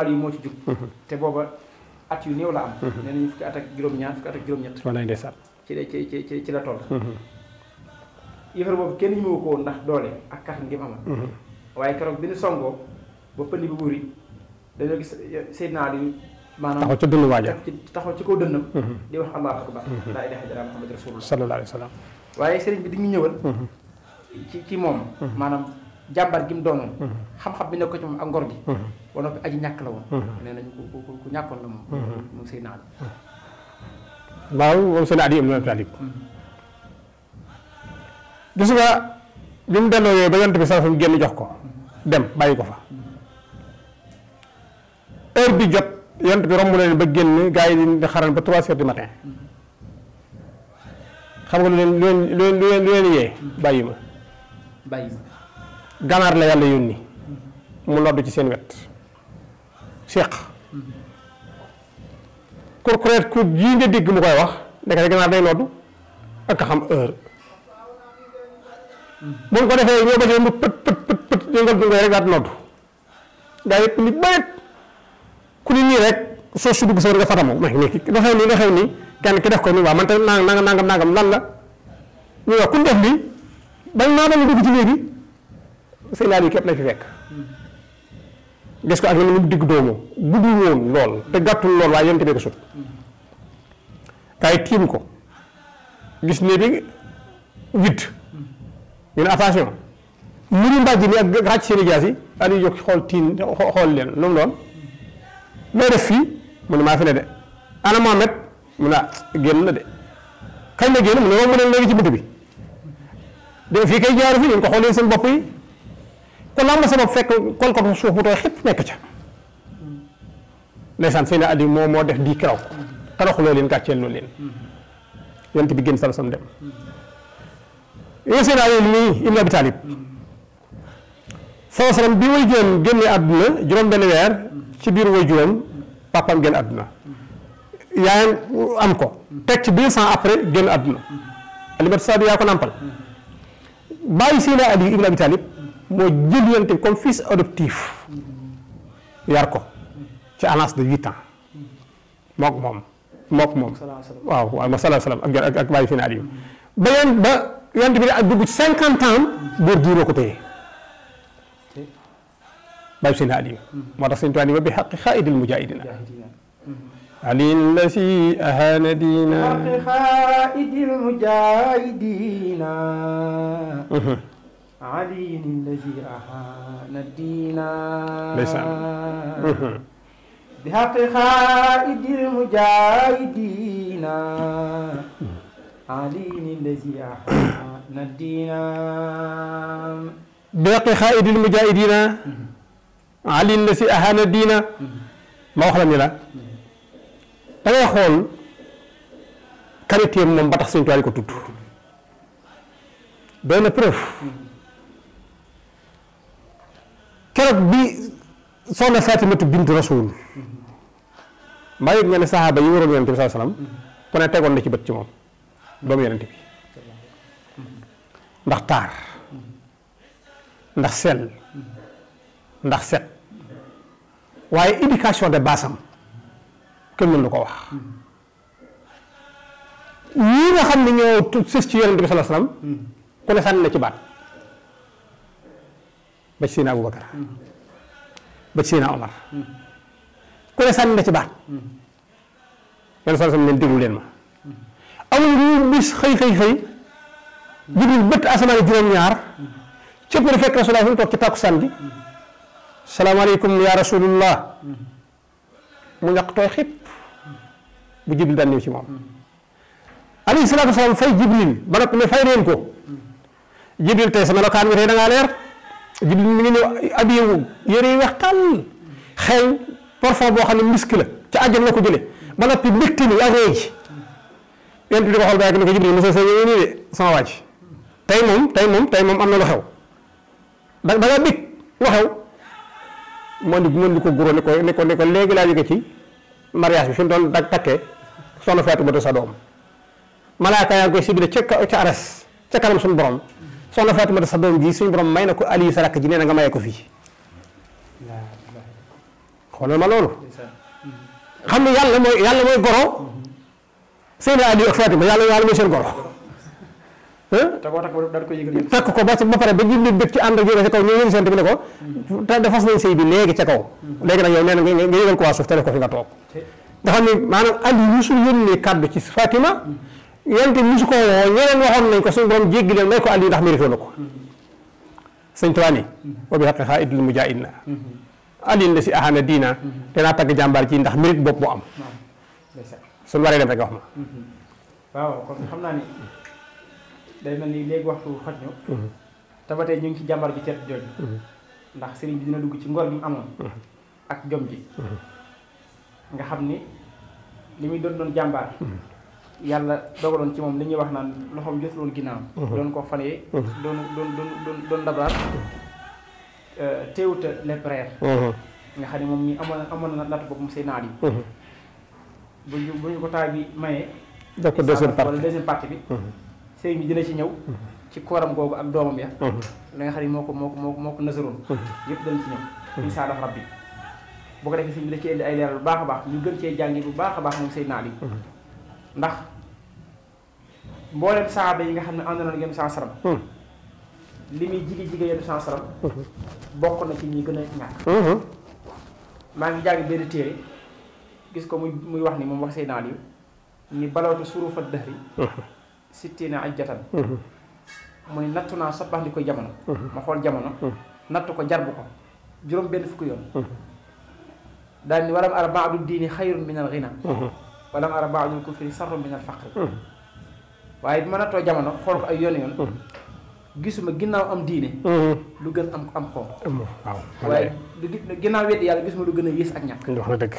général yi mo ci jug mhm. té boba at yu néew la am mhm. né ñu fi atak juroom ñaar fi atak juroom juróom-ñett walaay ndeysaan ci lé ci ci ci la toll mhm. yëfar bobu kenn ñëwu ko ndax doolé ak kàttan ngi ma amal waye keroog bi ni songo ba pënd bi wuri dañoo gis ya, Seydina Ali manam taxaw ci dënn waja taxaw ci ko dënnam di wax allah akbar la ilaha illa muhammadur rasulullah sallallahu alaihi wasallam waye waaye sëriñ bi di ñu ñëwal ci ci mom manam jambar gim mu doonoon xam-xam bi nekk ci mom ak ngor gi wala bi aji ñak la won ne nañ ko ko ku ñàkkoon la mom moom sëy naa waaw moom sëy naa di talib gis nga li mu delloo ba yent bi saasam genn jox ko dem bayiko fa heure bi jot yent bi rombu leen ba genn gaay yi di xaran ba 3 heures du matin xam nga lu leen lu leen lu leen lu leen yee bàyyi ma ganaar la yàlla yónni mu noddu ci seen wet séq kurkureet ku jii nga dégg mu koy wax ndekete ganaar day noddu ak a xam heure bu ñu ko defee ñoo ba see mu pët pët pët pët yëngal du ngoy rek daat noddu yëpp ni ku ni nii rek soo su dugg sa nga fatamu ma ni ki la nii la nii kenn ki def ko nii waaw man tamit nangam nangam nangam lan la ñu wax ku def lii bañ naa dama dugg ci léegi sëñ laaj bi na fi fekk gis ko ak na mu digg doomu guddul woon lool te gàttul lool waaye yonte bi ko sut kaay tiim ko gis ne bi witt ñu ne attention mbiru mbàjj mi ak xàcc seeni jaas yi Aliou jóg xool tiin xool leen lu mu doon loo def fii mu ne maa fi ne de ana Mohamed mu ne ah, génn na de kañ la génn mu ne moom mu ne léegi ci bunt bi de fii kay jaaru fi ñu ko xoolee seen bopp yi ku làmb sama fekk kol ko suuf bu toy xëpp nek ca ndeysaan seen addi mo mo def di kraw taraxu lo len gatchel lo len yent bi sal sam dem e seen ali ni ibn abi talib saw salam bi way juróom génne aduna juroom ben weer ci biir way juróom papam génn aduna yaayam am ko tek ci deux cent après aduna ali alimat sadi ya ko nampal bàyyi seen ali ibn abi talib moo jël yonent bi comme fils adoptif yar ko ci à l'âge de huit ans mook moom mook moom waaw waaw ma salaam salaam ak ak bàyyi fi naat yi ba yonent ba yonent bi ak dugg cinquante ans góor gii moo ko téye bàyyi fi naat yi moo tax sëñ Tuubaa ni wa bi xaqi xaaidil mujaahidina علي الذي أهان دينا حق خائد المجاهدين علي الذي أهان الدين بحق خائد المجاهدين علي الذي أهان الدين بحق خائد المجاهدين علي الذي أهان الدين ما أخرى ملا dangay xool qualité moom ba tax sëñ tuwaay ko tudd benn preuve keroog bi soxna Fatimatu bintu Rasul mbaa yëg nga ne saxaaba yi waroon yonente bi saa salaam ku ne tegoon na ci bët ci moom doomu yonente bi ndax taar ndax sell ndax set waaye éducation de base am kenn mënu ko wax ñi nga xam ne ñoo sës ci yonente bi saa salaam ku ne sànni na ci baat ba ci Seydina Aboubacar ba ci Seydina Omar ku ne sànni na ci baat yàlla soo sam leen déglu leen ma amul bis xëy xëy xëy jibril bët asamaan juróom-ñaar cëpp na fekk rasulullah fi mu toog ci tàkkusaan bi salaamaaleykum ya rasulullah mu ñàkk tooy xib bu jibril daan ñëw ci moom alayhi salaatu wasalaam fay jibril ba noppi ne fay leen ko jibril tey sa melokaan bi tey da ngaa leer Jibril mi ngi ñëw habillé wu yére yi weex xeeñ parfum boo xam ne misk la ca àjjana la ko jëlee ba noppi mbégte mi ak rëy ji yéen di ko xool ba yàgg ko Jibril monsieur moom tey moom tey moom am na lu xew da da nga bég lu xew moo ko goro ne ko ne ko léegi laa jóge ci mariage bi fi mu doon dag takkee soxna Fatou Bata sa doom malaaka yaa ngi koy sibile ca ca aras ca kanam suñu borom. soxna Fatimata sa doom ji suñu borom may na ko Aliou sa rakk ji nee na nga maye ko fii xoolal ma loolu xam ne yàlla mooy yàlla mooy goro seen Aliou ak Fatima yàlla yàlla mooy seen goro takk ko ba ba pare ba julli bëgg ci ànd ak jóge ca kaw ñoo yéen seen bi ne ko te defas nañ sëy bi léegi ca kaw léegi nag yow nee na nga yëgal ko waa suuf te def ko fi nga toog nga xam ne maanaam Aliou suñu yónnee kàddu ci Fatima yonent bi musu ko woo ñeneen nañ ko suñu borom jéggi leen may ko àll yi ko sëñ Tuubaa ni wa mu jaa inna la si ahana danaa tagg jàmbaar ji ndax mérite bopp mu am suñu waree dem wax xam naa ni day mel léegi waxtu xoj ñu ngi ci jàmbaar bi tedd ndax sëriñ bi dina dugg ci ngor gi mu nga xam ni li muy doon doon jàmbaar yàlla dogaloon ci moom li ñuy wax naan loxoom jotuloon ginnaaw. Mhm. doon ko fan yee. Mhm. doon doon doon doon dabar mhm. teewut a lépp reer. nga xam ne moom ñi amoon amoon na natt boobu mu seen naat yi. bu ñu bu ñu ko taal bi mayee. def ko deuxième partie wala deuxième partie bi. sëriñ bi dina ci ñëw. ci kooram googu ak doomam ya. la nga xam ne moo ko moo ko moo ko moo yëpp dana ci ñëw. incha allah rabbi bu ko defee sëriñ bi da ci indi ay leeral bu baax a baax ñu gën cee jàngi bu baax a baax moom seen naat yi. ndax mbolem sahaba yi nga xamne andal ngeen sa yem saram li muy jige jige yem sans saram bokku na ci ñi gëna ñak hmm ma ngi jàng benn téré gis ko muy muy wax ni mom wax say naal ni balawtu surufa dëhri hmm. sittina ajjatan jatan hmm. mu natuna sabah di koy jamono hmm. ma xol jamono natu ko jarbu ko juroom benn fukki yoon daal ni waram arbaadu diini khairun min al ghina walam ara ba'dul kufri sarru min al faqr hmm. waaye bi ma nattoo jamono xool ko ay yoon yoon hmm. gisuma ginnaaw am diine hmm. lu gën am am xoom waaw waaye ginnaaw weddi yàlla gisuma lu gën a yées ak ñàkk wax na dëgg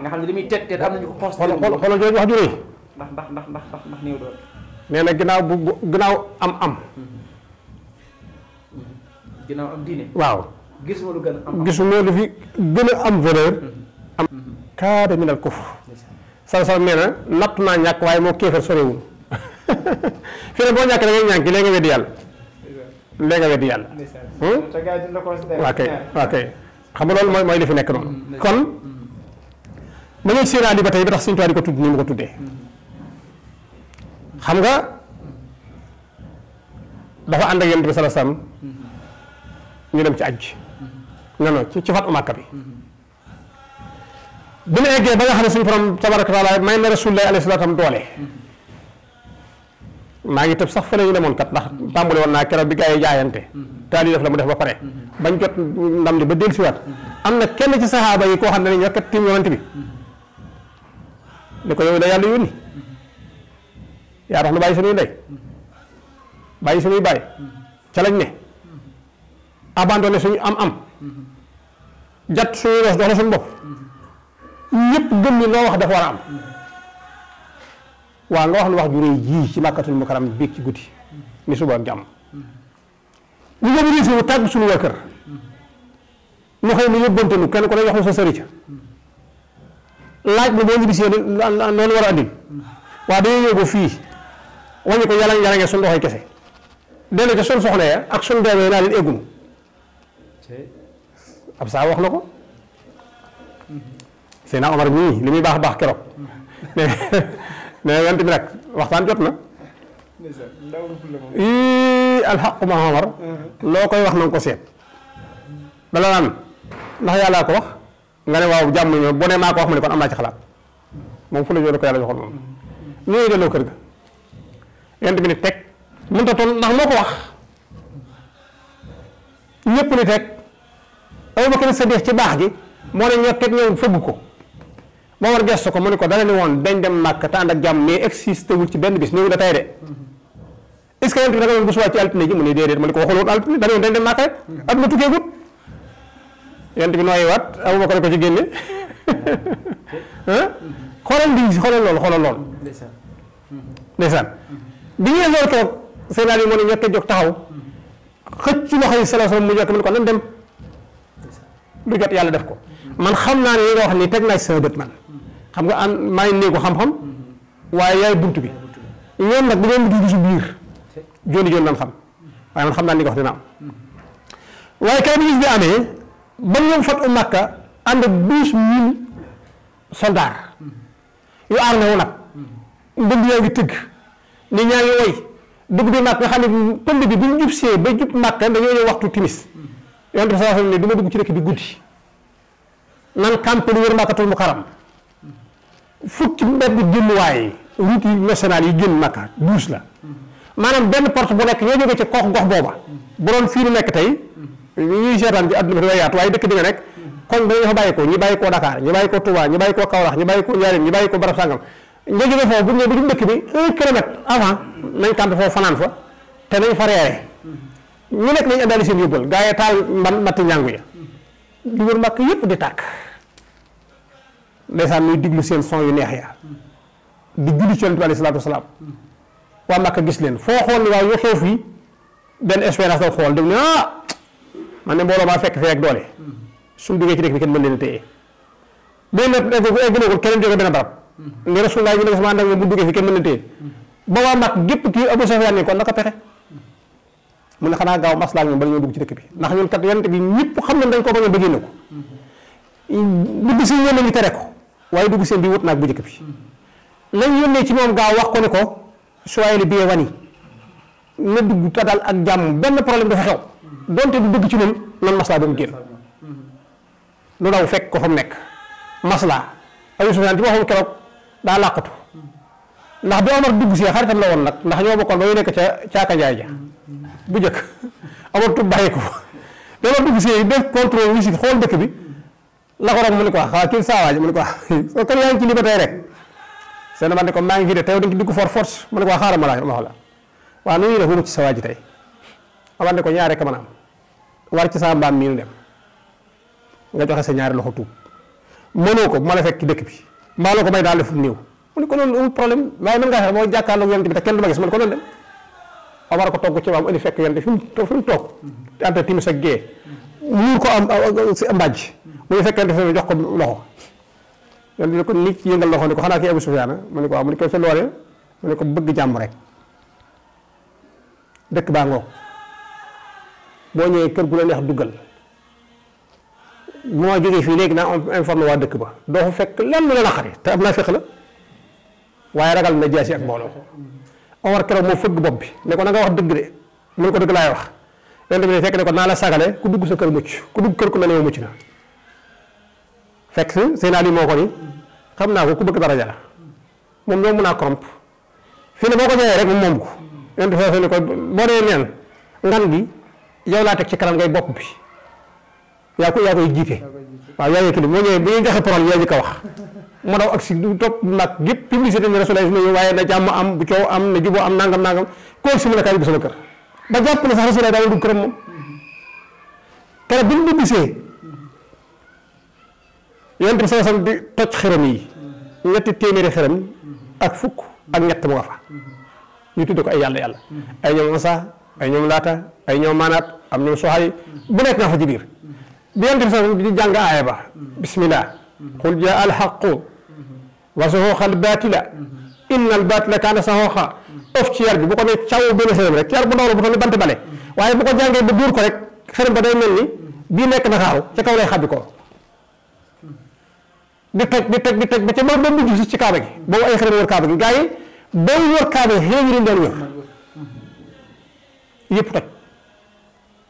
nga xam limi tet tet am nañu ko constaté xool xool jooju wax ju rëy ndax ndax ndax ndax ndax ndax néew doole nee na ginnaaw bu ginnaaw am am ginnaaw am diine waaw gisuma lu gën a am gisuma lu fi gëna am valeur am kaade min al kufr sal sal mena nat na ñak way hmm? mo kéfer moo wu fi ne boo ñàkk da ngay ñànki léegi nga weddi yàlla léegi nga weddi yàlla wa kay wa kay xam lool moy moy li fi nek non kon ma ñëw seen ali batay tey ba tax suñu tuwaa di ko tudd ni mu ko tuddé xam nga dafa and ak yonent sallallahu alayhi wasallam ñu dem ci ajj nono ci fat u bi bi mu eggee ba nga xam ne suñu borom tabaraka taala may na rasulullahi alayhi salaam doole maa ngi tëb sax fa la ñu demoon kat ndax tàmbali woon naa keroog bi gaa yi jaayante taali def la mu def ba pare bañ jot ndam li ba dellu siwaat am na kenn ci saxaaba yi koo xam ne ni ñokkat tiim yonante bi ni ko yow la yàlla yónni yaa tax nu bàyyi suñuy ndey bàyyi suñuy bàyyi ca lañ ne abandonné suñu am am jat suñuy los dox la suñu bopp ñëpp gëm ni loo wax dafa war am waaw nga wax lu wax ju réy jii ci màkkatul mukaram biig ci guddi ni suba jàmm ñu mobilisé wu tàgg suñu waa kër ñu xëy yóbbante nu kenn ku ne wax lu sa sëri ca laaj na boo ñu bisee noonu war a andil waaw dañuy ñëw ba fii wañu ko yalang yalange suñu loxoy kese dellu ca suñu soxna ya ak suñu doom yi naa leen eggunu ab saa wax na ko Seydina Omar mi limi bax bax kérok né né yent bi rek waxtan jot na. al alxaqu ma Omar. Hmm. lo koy wax nang ko set dala hmm. naan ndax yalla ko wax nga ne waw jamm ñu boné mako wax mu ne kon amna ci xalaat mom fu la jëlee ko yàlla joxoon moom. Hmm. ñooy delloo kër ga. yent bi ni tek mu ta ton ndax moko wax ñepp ni tek ay teg sa def ci bax gi mo ne ñoo ñew fegg ko. moo war gestu ko mu ne ko dana ni woon dañ dem màkk te ànd ak jàmm mais existé wul ci benn bis néew da tay de est-ce que yent bi da bu suwaa ci altine ji mu ne déedéet mu ne ko waxul woon altine dana woon dañ dem màkk rek at ma tukkeegut yent bi nooyi waat Abubakar ko ci génne xoolal di xoolal loolu xoolal loolu ndeysaan bi ñu loolu toog seenaat yi ne ñetti jóg taxaw xëcc ne ko nan dem lu jot yàlla def ko man xam naa ne li nga wax ni teg naa ci sama bët man xam nga an maa ngi néegu xam-xam waaye yaay buntu bi ñoom nag bu ngeen dugg ci biir joni joni daan xam waaye man xam naa ni nga wax dina am waaye cannabis bi amee ba Makka ànd ak douze mille soldats yu armé wu nag tëgg nit ñaa ngi woy dugg bi Makka nga xam ne bu see ba jub Makka dañoo ñëw waxtu timis yonent bi sallallahu alayhi ci dëkk bi guddi nan campé lu wër Makkatul Mukarram fukki mbedd jëmmuwaay yi route nationale yi génn Makka douze la maanaam benn porte bu nekk ñoo jóge ci koox gox booba bu doon fii nu nekk tey ñuy seetaan bi àdduna bi dafa yaatu waaye dëkk bi nga nekk kon dañu fa bàyyi ko ñu bàyyi ko Dakar ñu bàyyi ko Touba ñu bàyyi ko Kaolack ñu bàyyi ko Ndiarène ñu bàyyi ko barab sàngam nga jóge foofu bu ñu bu ñu dëkk bi un kilomètre avant nañ tànt foofu fanaan fa te nañ fa reere ñu nekk nañ indaale seen yóbbal gaa yi taal mban mbatti njàngu ya yëpp di tàkk ndeysaan muy diglu seen son yu neex ya di julli ci yonent bi aleyhi salaatu wasalaam waa Màkka gis leen foo xool ni waaw waxoo fii benn espérance daw xool dem ne ah man ne mbooloo maa fekk fee ak doole suñu duggee ci dëkk bi kenn mën leen téye benn egg na ko keneen jóge benn barab ne Rasulullah ñu ne sama ànd ak bu duggee fi kenn mën leen téye ba waa Màkka gépp kii Abu Sufyaan ne kon naka mu ne xanaa gaaw maslaa ñoom bala ñoo dugg ci dëkk bi ndax ñun kat yonent bi ñëpp xam nañ dañ ko bañ a bëggee na ko dugg si ñenn ñi tere ko waaye dugg seen bi wut naag bu njëkk bi lañ ne ci moom gaaw wax ko ne ko soyé le bie wani na dugg ta daal ak jàmm benn problème dafa xew donte du dugg ci noonu nan maslaa ba mu génn fekk ko fa mu nekk maslaa Abu Sufyaan ci waxam keroog daa làqatu ndax bi Omar dugg see xaritam la woon nag ndax ñoo bokkoon ba ñu nekk ca caaka njaay ja bu njëkk Omar tub bàyyi ko bi Omar dugg see def contrôle visite xool dëkk bi la ko roog mu ne ko wax waaw kii saawaaji mu ne ko wax soo kon yaa ngi ci liberté rek seen man ne ko maa ngi fi de tey dañ ko dugg for force mu ne ko wax xaaral ma laaj ma waaw ne ko ñaar rek mën a am war ci saa mbaam mii nu dem nga ñaari loxo tuub mënoo ko ma la fekk dëkk bi maa la ko may daal def néew mu ne ko loolu amul problème waaye mën ngaa xam moo jàkkaarloog yonent bi te mu ne ko loolu dem Omar ko togg ci maam indi fekk yonent fi mu toog entre timis ak gée ko am mbaaj bu ñu fekkente ne jox ko loxo yoon ne ko nit ci yëngal loxo ne ko xanaa kii Abu Sufyaan mu ne ko ne ko sa bëgg jàmm rek dëkk boo ñëwee kër gu la neex duggal bu ma jógee fii léegi naa informé waa dëkk ba doo fa fekk lenn la naqari te am naa fekk la waaye ragal na jaasi ak mbooloo Omar keroog moo fëgg bopp bi ne ko na nga wax dëgg de mu ne ko dëgg laay wax yonent bi ne fekk ne ko naa la sagale ku dugg sa kër mucc ku dugg kër ku ne ne mucc na fekk seen ali moo ko ni xam naa ko ku bëgg daraja la moom ñoom mun a koromp fii ne boo ko jaayee rek moom ko yéen dafa fekk ni ko boo dee neen gi yow laa ci kanam ngay bopp bi yaa ko yaa koy jiite waaw yaa ngi kii ko wax mu daw ak si du topp nag yëpp publicité ni waaye na jàmm am bu coow am na juboo am nangam nangam koo si mu ne kaay bi sama kër ba jàpp ñu dugg yonent bi sallallahu alayhi di toj xërëm yi ñetti téeméeri xërëm ak fukk ak ñett mu nga fa ñu tudde ko ay yàlla yàlla ay ñoom Musa ay ñoom Laata ay ñoom Maanaat am ñoom Soxay bu nekk naa fa ci biir bi yonent bi sallallahu alayhi wasallam di jàng aaya ba bismillah qul jaa al haqqu wa zahaqa al baatila inna al baatila kaana zahuuqa of ci yar bi bu ko ne caw benn xërëm rek yar bu ndaw la bu toll ni bant bale waaye bu ko jàngee ba duur ko rek xërëm ba day mel ni bii nekk Ndakaaru ca kaw lay xàbbi ko di toj di toj di toj ba ca ba ba mujj si ci kaaba gi boobu ay xarit wër kaaba gi gaa yi boo wër kaaba gi xëy na doon toj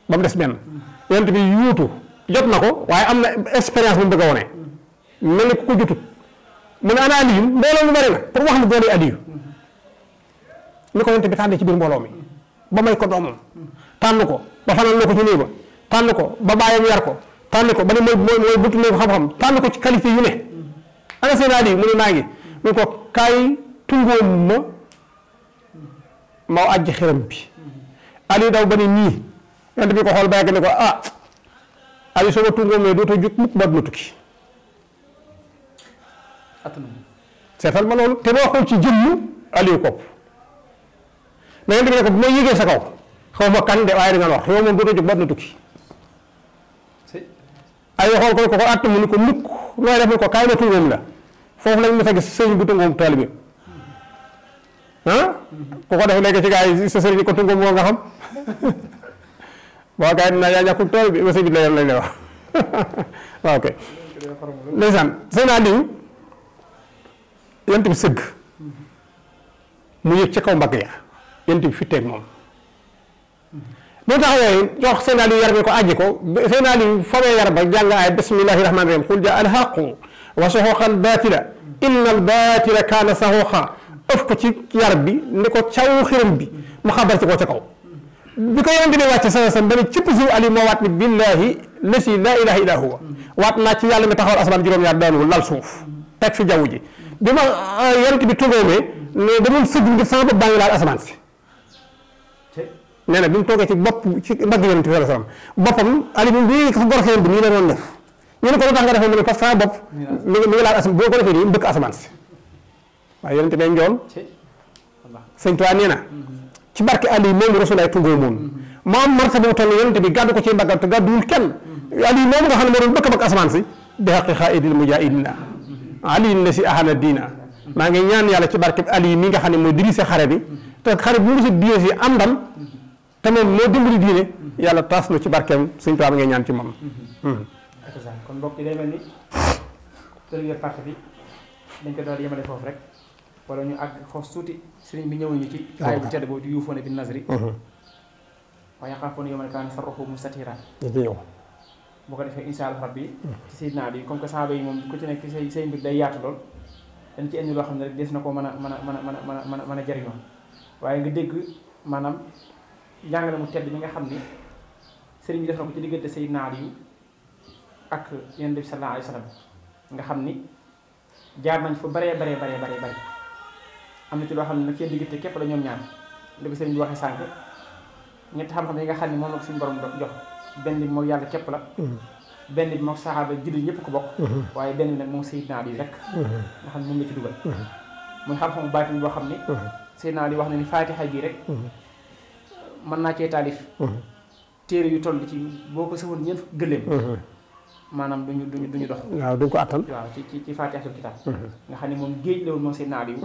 ba mu des bi yuutu jot na ko waaye am na expérience bu mu bëgg a wane mel ni ku ko jotut mu ana aliyu mbooloo na pour wax ne doole aliyu ni ko bi tànnee ci biir mbooloo mi ba may ko doomam tànn ko ba fanaan na ko ci néeg ba tànn ko ba bàyyam yar ko tànn ko ba ne mooy mooy butu xam-xam tànn ko ci qualité yu ne ana seen Aliou mu ne maa ngi mu ne ko kaay tungoom ma maw àjj xeram bi Aliou daw ba ne nii yonent bi ko xool ba yàgg ne ko ah Aliou soo ma tungoomee dootoo jug mukk ba duna tukki seetal ma loolu te xool ci jëmm Aliou kopp bi ne ko sa xaw ma kan de waaye da nga wax yow moom xool ko ko ko ko mukk looy def ko kaay ma tungoom la foofu lañ mës a gis sëriñ bu tungoom tool bi ah ko def léegi ci gaa yi sa sëriñ ko tungoom moo nga xam waaw gaa yi dinaa yaa ñàkkul tool bi wasa bi la yem lañ lay wax waaw ok ndeysaan sëñ Aliou yent bi sëgg mu yëg ca kaw mbagg ya yent bi fitteeg moom boo taxawee jox seen Aliou yar bi ko aji ko seen Aliou fawee yar ba jàng ay bismillahi rahmani rahim qul jaa alhaqu wa saxooqa albatila inna albatila kaana saxooqa ëf ko ci yar bi ni ko caw xiram bi mu xabar ci ko ca kaw bi ko yonente bi wàcce sa sam ba ne cëpp suuf Aliou moo waat ni billahi lasi la ilaha illa huwa waat naa ci yàlla mi taxawal asamaan juróom-ñaar daanuwul lal suuf teg fi jaww ji bi ma yonente bi tugoomee ne damul sëgg ngir sama bopp baa ngi laal asamaan si nee na bi mu toogee ci bopp ci mbagg yonent bi sallallahu alayhi wasallam boppam ali ñu ne ko lu tax nga defee mu ne parce que sama bopp mi ngi laal asamaan boo ko defee nii mbëkk asamaan si waaye yonent na ci barke ali moom rasulaay tungoo moom moom marta bu toll yonent bi gàddu ko ci mbaggam te gàdduwul kenn ali moom nga xam ne moo doon bëkk bëkk asamaan si bi xaqi xaaidil mujaahidina ali na si ahana diina maa ngi ñaan yàlla ci barke ali mi nga xam ne mooy diri sa xare bi te xare bi mu ngi si biir si am ndam tamit moo dimbali diine yàlla taas na ci barkeem suñ tubaab ngay ñaan ci moom. Mhm. kon mbokk yi day mel ni première partie bi dañ ko daal yemale foofu rek wala ñu àgg xoos tuuti sëriñ bi ñëwuñu ci. aay bu tedd boobu di yuufoone bi nasri. Mhm. waaye yaxaafoon yawman kaana sarruhu mustatira. boo ko defee incha allah rabbi mhm. ci Seydina bi comme que saaba yi moom ku ci nekk say say mbir lool dañ ci loo xam ne rek na ko mën mën a mën a mën a mën a mën a jëriñoo nga dégg maanaam njàngale mu tedd mi nga xam ni sëriñ bi def na ko ci diggante Seydina Aliyu ak Yonent bi sallallahu alayhi wa nga xam ni jaar nañ fa baree baree baree baree bare am na ci loo xam ne nag seen diggante képp la ñoom ñaar li ko sëriñ bi waxee sànq ñetti xam-xam yi nga xam ne moom la ko suñu borom jox benn bi moom yàlla képp la mm-hmm. benn bi moom saxaaba jullit ñëpp ko bokk mm-hmm. waaye benn bi nag moom Seydina Aliyu rek mm-hmm. nga xam ne moom la ci dugal muy xam-xamu baatin boo xam ne Seydina Aliyu wax na ni faatixa bii rek mën naa cee taalif téere yu toll ci boo ko sëwoon ñeent gëléem maanaam duñu duñu duñu dox waaw duñ ko attan waaw ci faa ci faatihatul kitaab nga xam ne moom géej la woon moom seen naal yu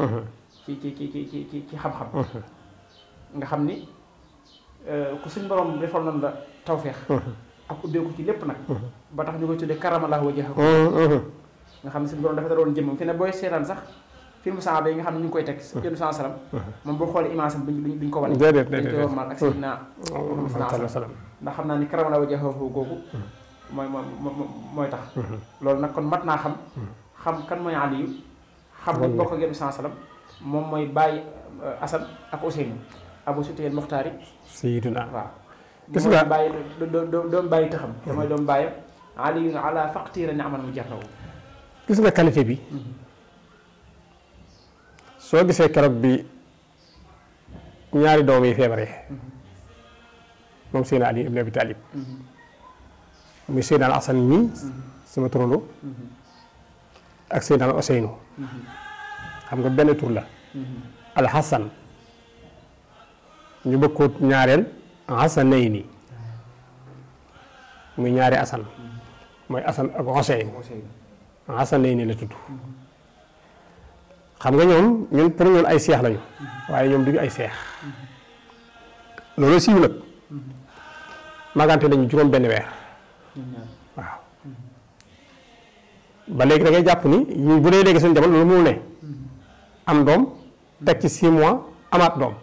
ci ci ci ci ci ci xam-xam nga xam ni euh, ku suñ borom defal nañ la tawféex ak ubbeeku ci lépp nag ba tax ñu koy tuddee karamallahu wajhahu nga xam ne suñ borom dafa doon jëmmam fi ne booy seetaan sax film sahaba yi nga xam ne ñu moom boo xoolee image am duñ ko wane déedéet déedéet dañ koy warmal ak sayyidina salaam ndax xam naa ni karam na wajhahu googu mooy mooy mooy tax loolu nag kon mat naa xam xam kan mooy Aliyu xam ni bokk ak yéen saa moom mooy bàyyi uh, Asan ak Useynu Abu Sufyaan Muxtaari sayyidina waaw gis nga bàyyi doom bàyyi taxam damay doom bàyyi Aliyu ala faqtiira ni aman mu jarraw gis nga qualité bi mm-hmm. soo gisee keroog bi ñaari doom yi feebare moom Seydina Ali ibn Abi Talib muy Seydina Al Hasan mi sama turando ak Seydina Al Oseynu xam nga benn tur la Al Hasan ñu bëgg ko ñaareel Hasanayni muy ñaari Hasan mooy Hasan ak Oseyn Hasanayni la tudd xam nga ñoom ñun pour ñun ay seex lañu waaye ñoom duñu ay seex loolu siiw nag magante nañu juróom benn weer waaw ba léegi da ngay jàpp ni ñu bu dee léegi seen jamono loolu mënul ne am doom teg ci six mois amaat doom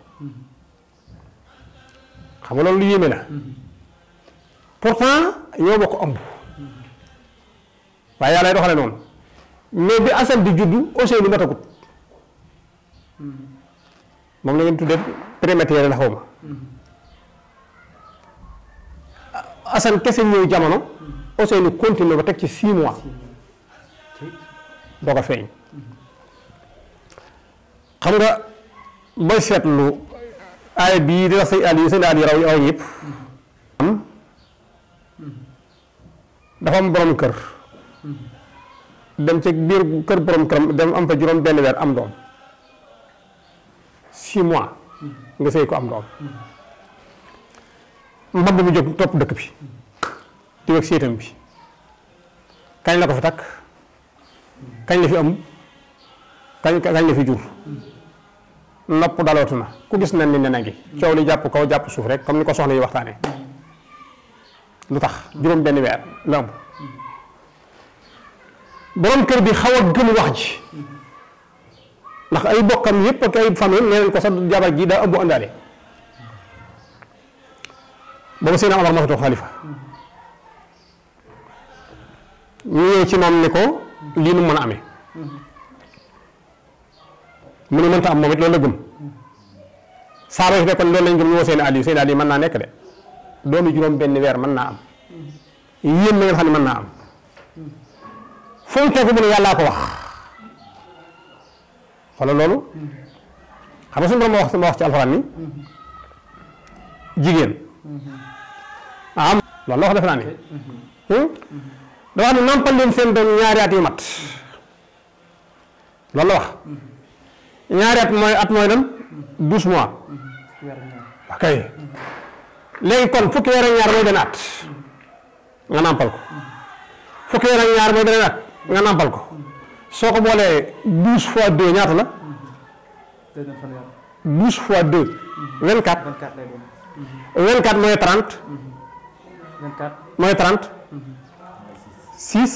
xam nga loolu lu yéeme la pourtant ñoo bokk ëmb waaye yàlla doxale noonu mais bi asal di judd aussi lu matagut moom la ngeen tuddee prématuré la xaw ma Assane kese ñëw jamono Ousseynou continué ba teg ci 6 mois doo ko feeñ xam nga booy seetlu aay bii di wax sëñ Aliou sëñ Aliou raw raw yëpp dafa am borom kër dem ci biir kër borom këram dem am fa juróom benn weer am doom six mois nga sëy ko am doom mbagg mu jóg topp dëkk bi di séetam bi kañ la ko fi takk kañ la fi am kañ kañ la fi jur nopp dalootu na ku gis nen ni nena ngi coow li jàpp koo jàpp suuf rek comme ni ko soxla yi waxtaane lu tax juróom benn weer la am borom kër bi xaw a gëm wax ji ndax ay bokkam yépp ak ay famille nee nañ ko sax jabar ji daa ëmb àndaale boobu seen Omar moo fi ci ne ko mën a amee mu ne mënta am moom it loolu la yi kon seen mën naa nekk de doomi juróom benn weer mën naa am yéen na naa am foo toog mu ne yàllaa ko wax xoolal loolu xam nga suñu wax sama ci alxuraan ni jigéen am loolu la wax defe naa ni hmm? dafa ne nampal leen seen doom ñaari yu mat loolu la wax ñaari mooy at mooy lan kon fukki weer ñaar mooy benn at nga nampal ko fukki weer ak ñaar mooy benn at nga nampal ko soo ko boolee douze fois deux ñaata la. douze fois deux. Mhm. vingt quatre. vingt quatre mhm. mooy trente. Mhm. mooy trente. six.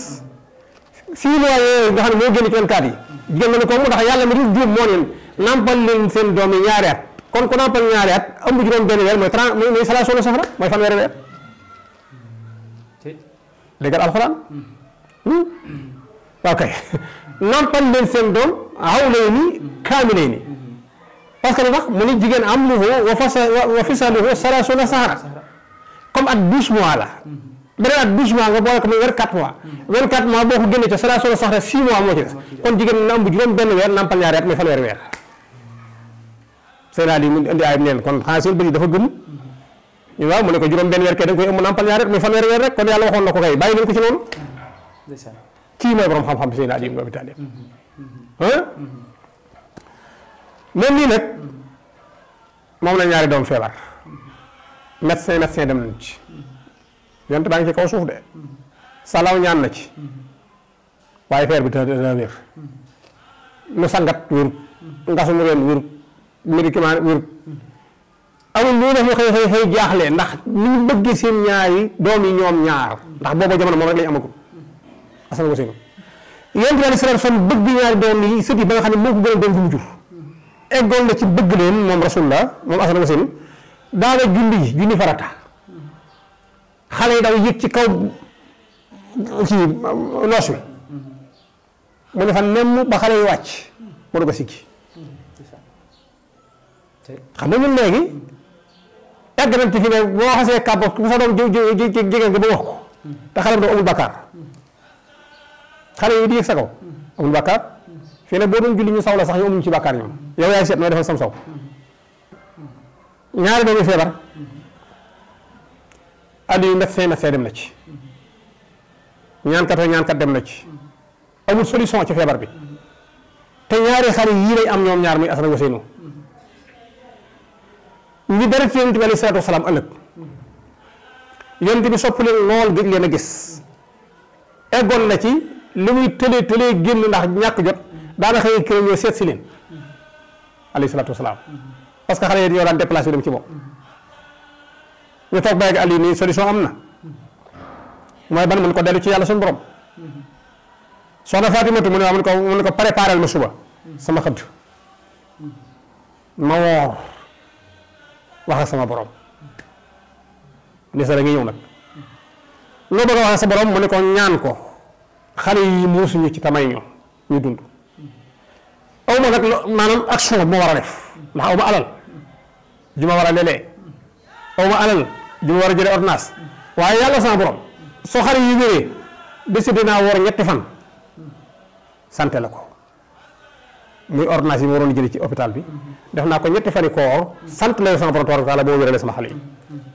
six mois yooyu nga moo génn ci vingt quatre yi. jigéen na ne ko ndax yàlla mi di juum moo leen nampal leen seen doom yi ñaari at kon ku nampal ñaari at ëmb juróom benn weer mooy trente mooy salaasoo la soxla mooy fanweeri weer. dégg nga alxuraan. waaw hmm? nampal leen seen doom hawlayni kaamilayni parce que lu tax mu ne jigéen am lu wa fas wa fisaluhu salaasuuna sahara comme at douze mois la beneen at douze mois nga boole ko muy weer quatre mois weer quatre boo ko génnee ca salaasuuna sahara six mois moo ci des kon jigéen na ëmb juróom benn weer nampal ñaari at muy fanweer weer seen daal yi mu indi ayib neen kon xanaa seen bëri dafa gëm ñu waaw mu ne ko juróom benn weer kay da koy ëmb nampal ñaari muy fanweer weer rek kon kii mooy borom xam-xam Seydina Ali ibn Abi Talib même nii nag moom la ñaari doom feebar médecin médecin dem nañ ci yonte baa ngi ci kaw suuf de salaw ñaan na ci waaye feer bi dana dana wér sangat wérut ngasum reen wérut médicament wérut amul lu def ñu xëy xëy xëy jaaxle ndax ni ñu bëgg seen ñaari doom yi ñoom ñaar ndax booba jamono moom rek lañu amagul asan wasilu yonent bi alayhi salaam bëgg ñaari doom yi sët yi ba nga xam ne moo ko gën a doom bi mu jur eggoon na ci bëgg leen moom rasulullah moom asan wasilu daana julli ji julli farata xale yi daw yëg ci kaw ci loos wi mu ne fa nemm ba xale yi wàcc mu doog a sikki xam ne ñun léegi yàgg nañ ci fi ne boo xasee kàbb bu sa doom jege nga ba wax ko te xale bi amul bakkaar xale yi di yëg sa kaw amul bàkkaar fii nag boo doon julli ñu saw la sax yow amuñu ci bàkkaar ñoom yow yaay seet nooy defal sam saw ñaari doomi feebar addi yu seen médecin dem na ci ñaan kat ñaan kat dem na ci amul solution ci feebar bi te ñaari xale yii lay am ñoom ñaar muy asana waseynu ñi dara ci yonent bi aleyhi salaatu wasalaam ëllëg yonent bi sopp leen lool gëj leen a gis eggoon na ci li muy tëlee tëlee génn ndax ñàkk jot daana xëy kër ñoo seet si leen alayhi salaatu wasalaam parce que xale yi déplacé dem ci bopp ñu toog ba yegg nii solution am na mooy ban mun ko dellu ci yàlla suñu borom soxna Fatimatu mu ne waaw mun ko mun ko préparel ma suba sama xëdd ma woor wax sama borom ni sa da nga ñëw nag loo bëgg a wax sa borom mu ne ko ñaan ko xale yi muusuñu ci tamay ñoo ñu dund awma nag maanaam action bu ma war a def ndax awma alal ju ma war a lelee awma alal ju war a jëlee ordonnance waaye yàlla sama borom soo xale yi wéree décidé naa woor ñetti fan sante la ko muy ordonnance yi ma waroon jëlee ci hôpital bi def naa ko ñetti fani koor sant la sama borom tabaaraka taala boo wéralee sama xale yi